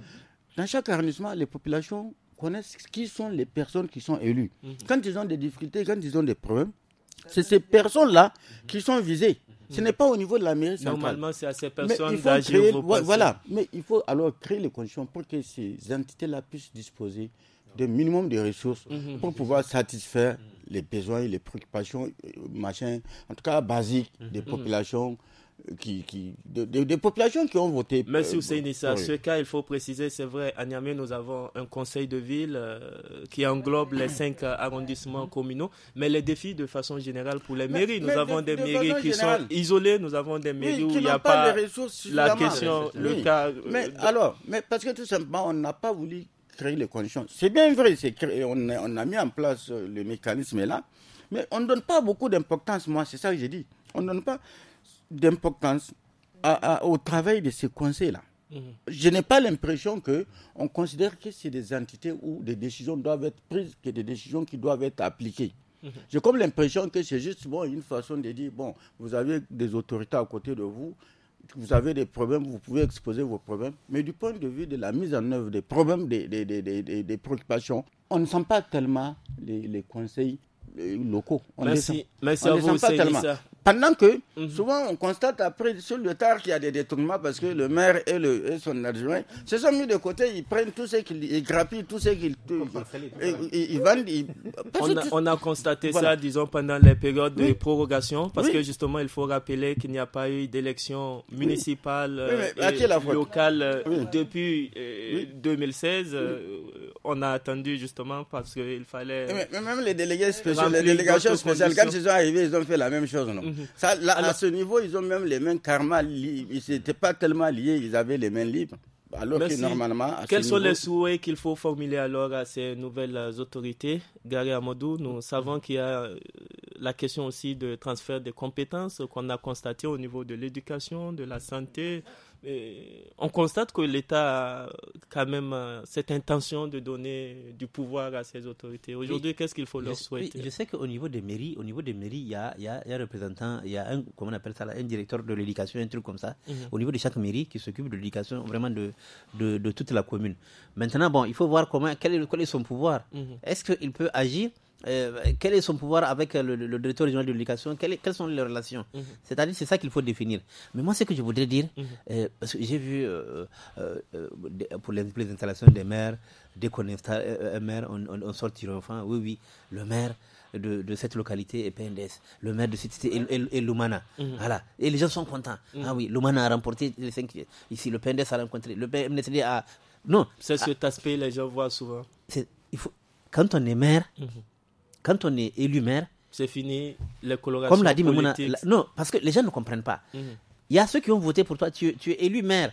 Dans chaque arrondissement, les populations connaissent qui sont les personnes qui sont élues. Mhm. Quand ils ont des difficultés, quand ils ont des problèmes, c'est ces personnes-là qui sont visées. Ce n'est pas au niveau de la mairie Normalement, c'est à ces personnes d'agir. Voilà, mais il faut alors créer les conditions pour que ces entités-là puissent disposer d'un minimum de ressources mhm. pour pouvoir satisfaire les besoins et les préoccupations, euh, machin, en tout cas basiques mhm. des populations qui, des populations qui ont voté. Merci euh, si Ce cas, il faut préciser, c'est vrai, à Niamey, nous avons un conseil de ville euh, qui englobe les cinq euh, arrondissements communaux, mais les défis de façon générale pour les mairies, nous avons des mairies qui sont isolées, nous avons des mairies où il n'y a pas, la question, le cas. Mais alors, mais parce que tout simplement, on n'a pas voulu créer les conditions. C'est bien vrai, on, on a mis en place le mécanisme là, mais on ne donne pas beaucoup d'importance, moi, c'est ça que j'ai dit. On ne donne pas d'importance au travail de ces conseils-là. Mhm. Je n'ai pas l'impression qu'on considère que c'est des entités où des décisions doivent être prises, que des décisions qui doivent être appliquées. Mhm. J'ai comme l'impression que c'est juste une façon de dire, bon, vous avez des autorités à côté de vous, vous avez des problèmes, vous pouvez exposer vos problèmes. Mais du point de vue de la mise en œuvre des problèmes, des, des, des, des préoccupations, on ne sent pas tellement les, les conseils euh, locaux. On ne sent, on sent pas tellement. Pendant que, mhm. souvent, on constate après, sur le tard, qu'il y a des détournements parce que le maire et, le, son adjoint se sont mis de côté, ils prennent tout ce qu'ils grappillent, tout ce qu'ils ils, vendent. Ils... On, a, constaté ça, disons, pendant les périodes de prorogation, parce que justement, il faut rappeler qu'il n'y a pas eu d'élection municipale euh, et locale euh, depuis 2016. Euh, on a attendu justement parce qu'il fallait. Mais, même les délégués spéciaux, les délégations spéciales, quand ils sont arrivés, ils ont fait la même chose, non mhm. Mhm. à ce niveau, ils ont même les mains karma libres. Ils n'étaient pas tellement liés, ils avaient les mains libres. Alors que normalement. Quels sont les souhaits qu'il faut formuler alors à ces nouvelles autorités Gary Amadou, nous savons qu'il y a euh, la question aussi de transfert des compétences qu'on a constaté au niveau de l'éducation, de la santé, on constate que l'État a quand même euh, cette intention de donner du pouvoir à ses autorités. Aujourd'hui, qu'est-ce qu'il faut leur souhaiter Je sais qu'au niveau des mairies, au niveau des mairies, il y a, y a, un représentant, il y a un, comment on appelle ça, un directeur de l'éducation, un truc comme ça, mhm. au niveau de chaque mairie qui s'occupe de l'éducation vraiment de, de, toute la commune. Maintenant, bon, il faut voir comment, quel est, quel est son pouvoir. Mhm. Est-ce qu'il peut agir euh, quel est son pouvoir avec euh, le, directeur régional de l'éducation Quelles sont les relations mhm. C'est-à-dire, c'est ça qu'il faut définir. Mais moi, ce que je voudrais dire, mhm. euh, j'ai vu pour les, installations des maires, dès qu'on installe un maire, on, on, enfin, oui, oui, le maire. De, cette localité est PNDS, le maire de cette cité est, Lumana. Mhm. Voilà. Et les gens sont contents. Ah oui, Lumana a remporté ici, le PNDS a rencontré, le a. Non. C'est ah. cet aspect que les gens voient souvent. Il faut... Quand on est maire, quand on est élu maire, c'est fini, les colorations Comme l'a dit non, parce que les gens ne comprennent pas. Mhm. Il y a ceux qui ont voté pour toi, tu, es élu maire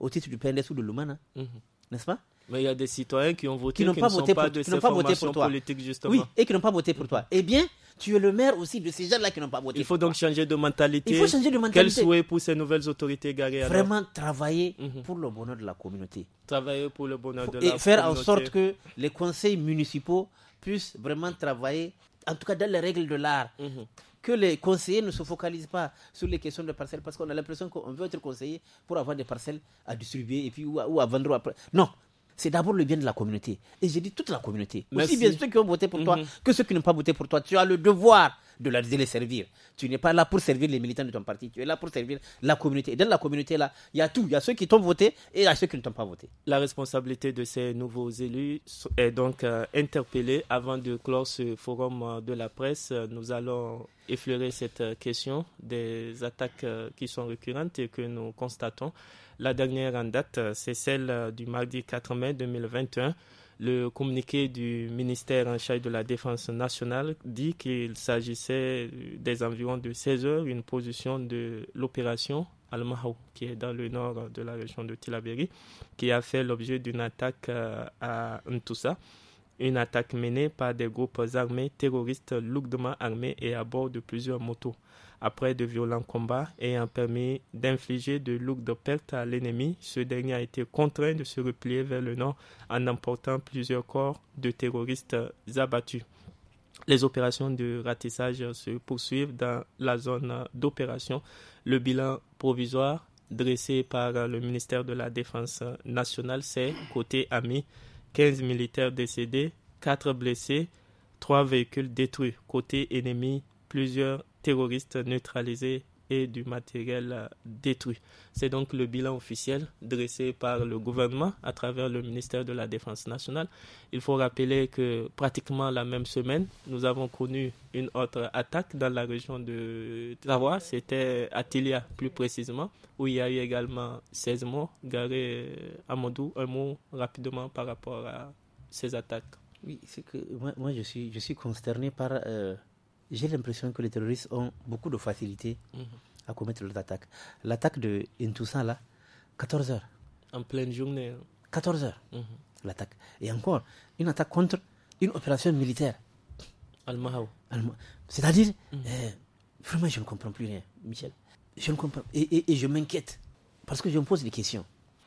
au titre du PNDS ou de Lumana. Mhm. n'est-ce pas Mais il y a des citoyens qui ont voté, qui n'ont pas, voté, pour, qui pas voté pour toi. Justement. Oui, et qui n'ont pas voté pour toi. Eh bien, tu es le maire aussi de ces gens-là qui n'ont pas voté. Il faut donc changer de mentalité. Il faut changer de mentalité. Quel souhait pour ces nouvelles autorités garées Vraiment travailler mhm. pour le bonheur de la communauté. Travailler pour le bonheur de la communauté. Et faire en sorte que les conseils municipaux puissent vraiment travailler, en tout cas dans les règles de l'art. Mhm. Que les conseillers ne se focalisent pas sur les questions de parcelles parce qu'on a l'impression qu'on veut être conseiller pour avoir des parcelles à distribuer et puis ou à, ou à vendre. Après. Non, c'est d'abord le bien de la communauté. Et j'ai dit toute la communauté. Aussi bien ceux qui ont voté pour toi mm-hmm. que ceux qui n'ont pas voté pour toi. Tu as le devoir de, la, les servir. Tu n'es pas là pour servir les militants de ton parti. Tu es là pour servir la communauté. Et dans la communauté, là, il y a tout. Il y a ceux qui t'ont voté et il y a ceux qui ne t'ont pas voté. La responsabilité de ces nouveaux élus est donc euh, interpellée. Avant de clore ce forum euh, de la presse, euh, nous allons effleurer cette question des attaques qui sont récurrentes et que nous constatons. La dernière en date, euh, c'est celle euh, du mardi 4 mai 2021. Le communiqué du ministère en charge de la Défense nationale dit qu'il s'agissait euh, des environs de 16 heures, une position de l'opération Al-Mahou, qui est dans le nord de la région de Tilaberi, qui a fait l'objet d'une attaque à Ntoussa. Une attaque menée par des groupes armés terroristes lourdement armés et à bord de plusieurs motos après de violents combats ayant permis d'infliger de lourdes pertes à l'ennemi. Ce dernier a été contraint de se replier vers le nord en emportant plusieurs corps de terroristes abattus. Les opérations de ratissage se poursuivent dans la zone d'opération. Le bilan provisoire dressé par le ministère de la Défense nationale, c'est côté ami 15 militaires décédés, 4 blessés, 3 véhicules détruits. Côté ennemi, plusieurs terroristes neutralisés et du matériel euh, détruit. C'est donc le bilan officiel dressé par le gouvernement à travers le ministère de la Défense nationale. Il faut rappeler que pratiquement la même semaine, nous avons connu une autre attaque dans la région de Savoie. c'était Atilia, plus précisément, où il y a eu également 16 morts. Garé euh, Amadou, un mot rapidement par rapport à ces attaques. Oui, c'est que moi, je, suis, je suis consterné par... Euh, j'ai l'impression que les terroristes ont beaucoup de facilité mhm. à commettre leurs attaques. L'attaque de Intoussa, là, 14 heures. En pleine journée. 14 hein. heures. Mhm. L'attaque. Et encore, une attaque contre une opération militaire. Al-Mahaw. C'est-à-dire, mhm. eh, vraiment, je ne comprends plus rien, Michel. Je ne comprends Et, et, je m'inquiète parce que je me pose des questions.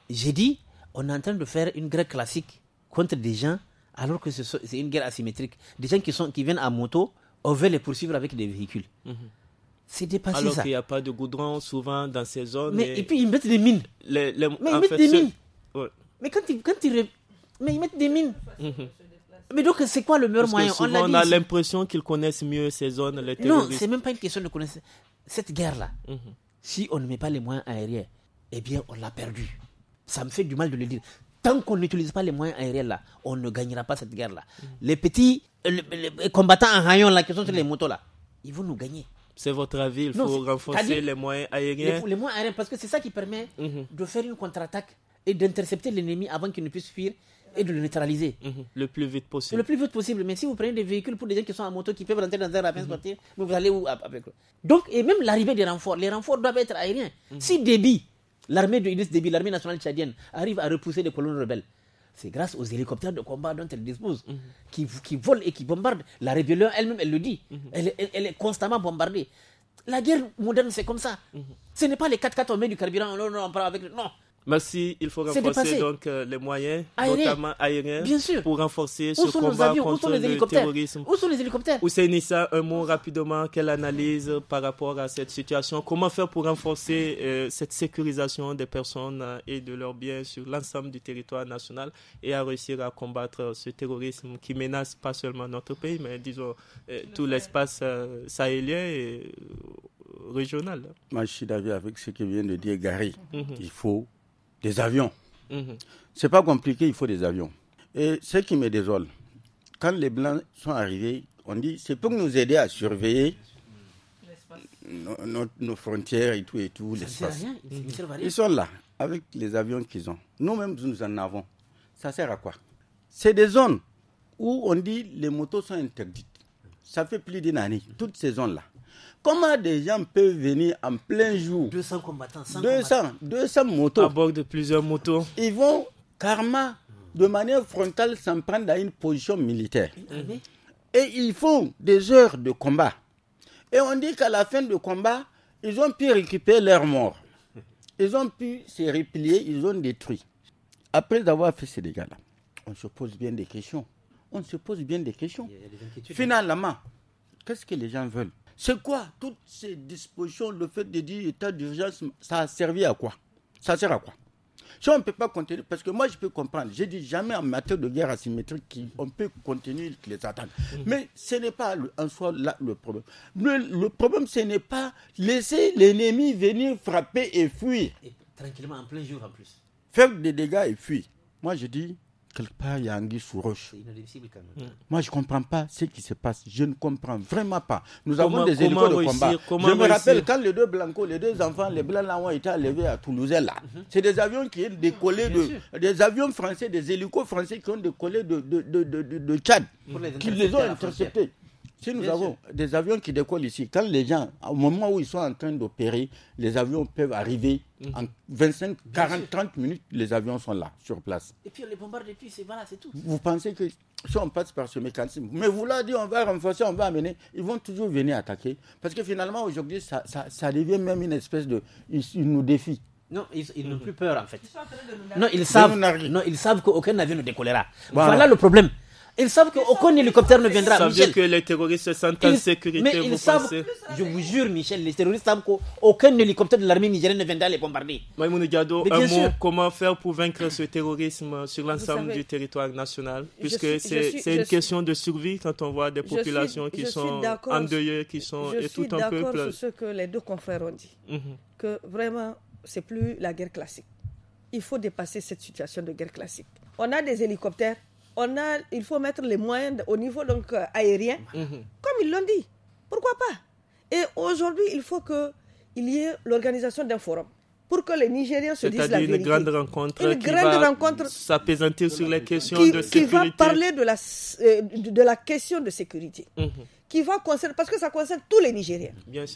J'ai dit, on est en train de faire une guerre classique contre des gens alors que c'est une guerre asymétrique. Des gens qui, sont, qui viennent à moto, on veut les poursuivre avec des véhicules. Mhm. C'est dépassé Alors ça. Alors qu'il n'y a pas de goudron souvent dans ces zones. Mais, et... puis ils mettent des mines. mais ils mettent des mines. Mais quand ils, mettent des mines. Mais donc, c'est quoi le meilleur moyen que souvent, On, a, l'impression qu'ils connaissent mieux ces zones, les terroristes. Non, c'est même pas une question de connaître. Cette guerre-là, mhm. si on ne met pas les moyens aériens, eh bien, on l'a perdue. Ça me fait du mal de le dire tant qu'on n'utilise pas les moyens aériens là, on ne gagnera pas cette guerre là. Les petits euh, combattants en rayon là qui sont sur les motos là, ils vont nous gagner. C'est votre avis, il faut renforcer les moyens aériens. Les, moyens aériens, parce que c'est ça qui permet mhm. de faire une contre-attaque et d'intercepter l'ennemi avant qu'il ne puisse fuir et de le neutraliser. Mhm. Le plus vite possible. Le plus vite possible. Mais si vous prenez des véhicules pour des gens qui sont en moto, qui peuvent rentrer dans un rapin mhm. sportif, vous allez où avec eux Donc, et même l'arrivée des renforts, les renforts doivent être aériens. Si débit L'armée de l'armée nationale tchadienne, arrive à repousser les colonnes rebelles. C'est grâce aux hélicoptères de combat dont elle dispose, mhm. qui, volent et qui bombardent. La rébellion elle-même, elle le dit. Mhm. elle, est constamment bombardée. La guerre moderne, c'est comme ça. Mhm. Ce n'est pas les 4 4 on met du carburant, non, non, on parle avec. Non, Merci, il faut renforcer donc euh, les moyens, notamment aériens, pour renforcer ce combat contre le terrorisme. Où sont les hélicoptères Nissa, un mot rapidement, quelle analyse par rapport à cette situation Comment faire pour renforcer euh, cette sécurisation des personnes euh, et de leurs biens sur l'ensemble du territoire national et à réussir à combattre ce terrorisme qui menace pas seulement notre pays, mais disons tout l'espace sahélien et régional Moi, je suis avec ce que vient de dire Gary. Mhm. Il faut des avions. Ce mhm. C'est pas compliqué, il faut des avions. Et ce qui me désole, quand les Blancs sont arrivés, on dit c'est pour nous aider à surveiller nos, frontières et tout et tout, l'espace. Ils sont là, avec les avions qu'ils ont. Nous-mêmes, nous en avons. Ça sert à quoi C'est des zones où on dit les motos sont interdites. Ça fait plus d'une année, toutes ces zones-là. Comment des gens peuvent venir en plein jour 200 combattants, 200, motos. À bord de plusieurs motos. Ils vont karma de manière frontale s'en prendre à une position militaire. Et ils font des heures de combat. Et on dit qu'à la fin du combat, ils ont pu récupérer leurs morts. Ils ont pu se replier, ils ont détruit. Après avoir fait ces dégâts-là, on se pose bien des questions. On se pose bien des questions. Hein. Finalement, qu'est-ce que les gens veulent c'est quoi Toutes ces dispositions, le fait de dire état d'urgence, ça a servi à quoi Ça sert à quoi Si on ne peut pas continuer, parce que moi je peux comprendre, je dis jamais en matière de guerre asymétrique qu'on peut continuer les attaques. Mmh. Mais ce n'est pas en soi le problème. Le, problème, ce n'est pas laisser l'ennemi venir frapper et fuir. tranquillement, en plein jour en plus. Faire des dégâts et fuir. Moi je dis, quelque part, il y a Anguille sous roche. Mm. Moi, je ne comprends pas ce qui se passe. Je ne comprends vraiment pas. Nous avons des hélicos de combat. je me rappelle quand les deux blancos, les deux enfants, les blancs là ont été enlevés à Toulouse, là. Mm-hmm. C'est des avions qui ont décollé de. Des avions français, des hélicos français qui ont décollé de, de, de, de Tchad, mm qui les ont interceptés. Si nous avons des avions qui décollent ici, quand les gens, au moment où ils sont en train d'opérer, les avions peuvent arriver mm. en 25, 40, 30 minutes, les avions sont là, sur place. Et puis on les bombarde depuis, c'est voilà, c'est tout. Vous pensez que si on passe par ce mécanisme, mais vous l'avez dit, on va renforcer, on va amener, ils vont toujours venir attaquer. Parce que finalement, aujourd'hui, ça, devient même une espèce de. Ils, nous défient. Non, ils, n'ont mhm. plus peur en fait. Ils non, ils savent, non, ils savent qu'aucun avion ne décollera. voilà le problème. Ils savent qu'aucun hélicoptère ne viendra. Ça veut savent que les terroristes sont en sécurité. vous savent, je vous jure, Michel, les terroristes savent qu'aucun hélicoptère de l'armée nigérienne ne viendra les bombarder. Maïmoun Gado, un mot, comment faire pour vaincre ce terrorisme sur l'ensemble du territoire national Puisque c'est une question de survie quand on voit des populations qui sont endeuillées, qui sont et tout un peuple. Je suis d'accord sur ce que les deux confrères ont dit. Mhm. Que vraiment, c'est plus la guerre classique. Il faut dépasser cette situation de guerre classique. On a des hélicoptères il faut mettre les moyens au niveau donc, euh, aérien, mhm. comme ils l'ont dit. Pourquoi pas Et aujourd'hui, il faut qu'il y ait l'organisation d'un forum pour que les Nigériens se disent la vérité. une grande rencontre qui va rencontre sur les questions de sécurité. Qui va parler de la, euh, de la question de sécurité. Mhm. Qui va concerner, parce que ça concerne tous les Nigériens.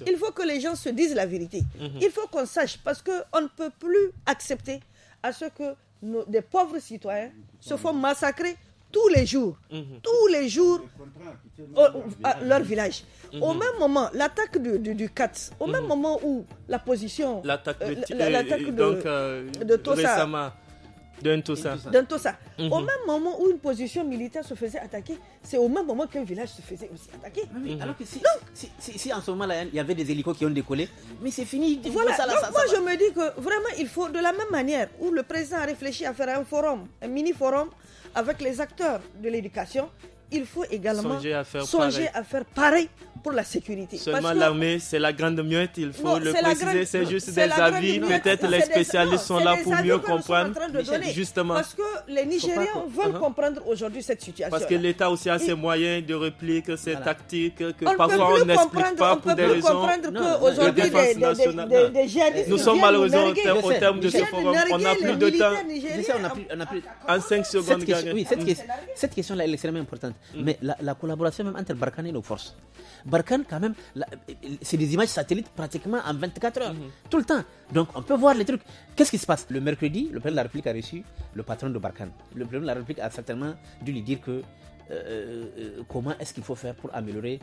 Il faut que les gens se disent la vérité. Mhm. Il faut qu'on sache, parce qu'on ne peut plus accepter à ce que des pauvres citoyens se font massacrer tous les jours, mhm. tous les jours, oh, leur village. Mhm. Au même moment, l'attaque du, du, CATS, au même mhm. moment où la position. L'attaque de, euh, euh, de, euh, de Tosa. D'un tout ça. tout ça. Mhm. Au même moment où une position militaire se faisait attaquer, c'est au même moment qu'un village se faisait aussi attaquer. Mhm. si, si, en ce moment-là, il y avait des hélicos qui ont décollé, mais c'est fini. Voilà, moi je me dis que vraiment, il faut, de la même manière où le président a réfléchi à faire un forum, un mini-forum avec les acteurs de l'éducation, il faut également songer à faire, pareil. pour la sécurité. Seulement l'armée, c'est la grande muette, il faut le préciser, c'est juste des avis, peut-être les spécialistes sont là pour mieux comprendre, [laughs] justement. Parce que les Nigériens veulent uh-huh. comprendre aujourd'hui cette situation. Parce que l'État aussi a ses moyens de réplique, ses tactiques, que parfois on n'explique pas pour des raisons Nous sommes malheureusement au terme de ce forum, on n'a plus de temps. En 5 secondes, cette question-là, elle est extrêmement importante. Mm. Mais la, collaboration même entre Barkhane et nos forces. Barkhane, quand même, c'est des images satellites pratiquement en 24 heures, mm-hmm. tout le temps. Donc on peut voir les trucs. Qu'est-ce qui se passe Le mercredi, le président de la République a reçu le patron de Barkhane. Le président de la République a certainement dû lui dire que euh, euh, euh, comment est-ce qu'il faut faire pour améliorer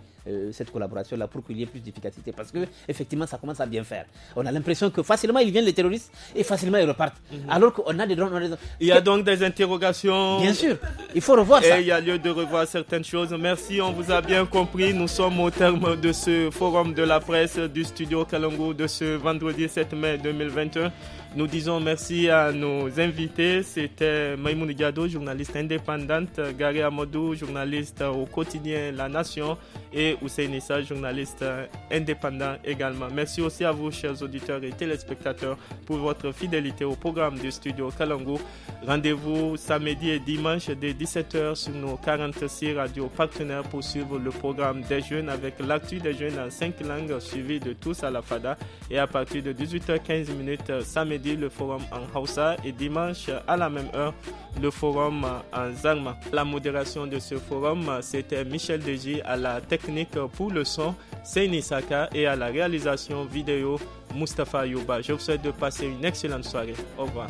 cette collaboration-là, pour qu'il y ait plus d'efficacité. Parce que effectivement, ça commence à bien faire. On a l'impression que facilement, ils viennent les terroristes et facilement, ils repartent. Mhm. Alors qu'on a des drones. Des... Il y a donc des interrogations. Bien sûr, il faut revoir ça. il y a lieu de revoir certaines choses. Merci, on vous a bien compris. Nous sommes au terme de ce forum de la presse du studio Kalongo de ce vendredi 7 mai 2021. Nous disons merci à nos invités. C'était Maïmoun Gado, journaliste indépendante, Gary Amadou, journaliste au quotidien La Nation, et Hussein Issa, journaliste indépendant également. Merci aussi à vous, chers auditeurs et téléspectateurs, pour votre fidélité au programme du studio Kalangu. Rendez-vous samedi et dimanche dès 17h sur nos 46 radios partenaires pour suivre le programme des jeunes avec l'actu des jeunes en 5 langues suivi de tous à la FADA. Et à partir de 18h15 minutes, samedi, le forum en Hausa et dimanche à la même heure, le forum en Zangma. La modération de ce forum, c'était Michel Deji à la technique pour le son, Seini et à la réalisation vidéo, Mustafa Yuba. Je vous souhaite de passer une excellente soirée. Au revoir.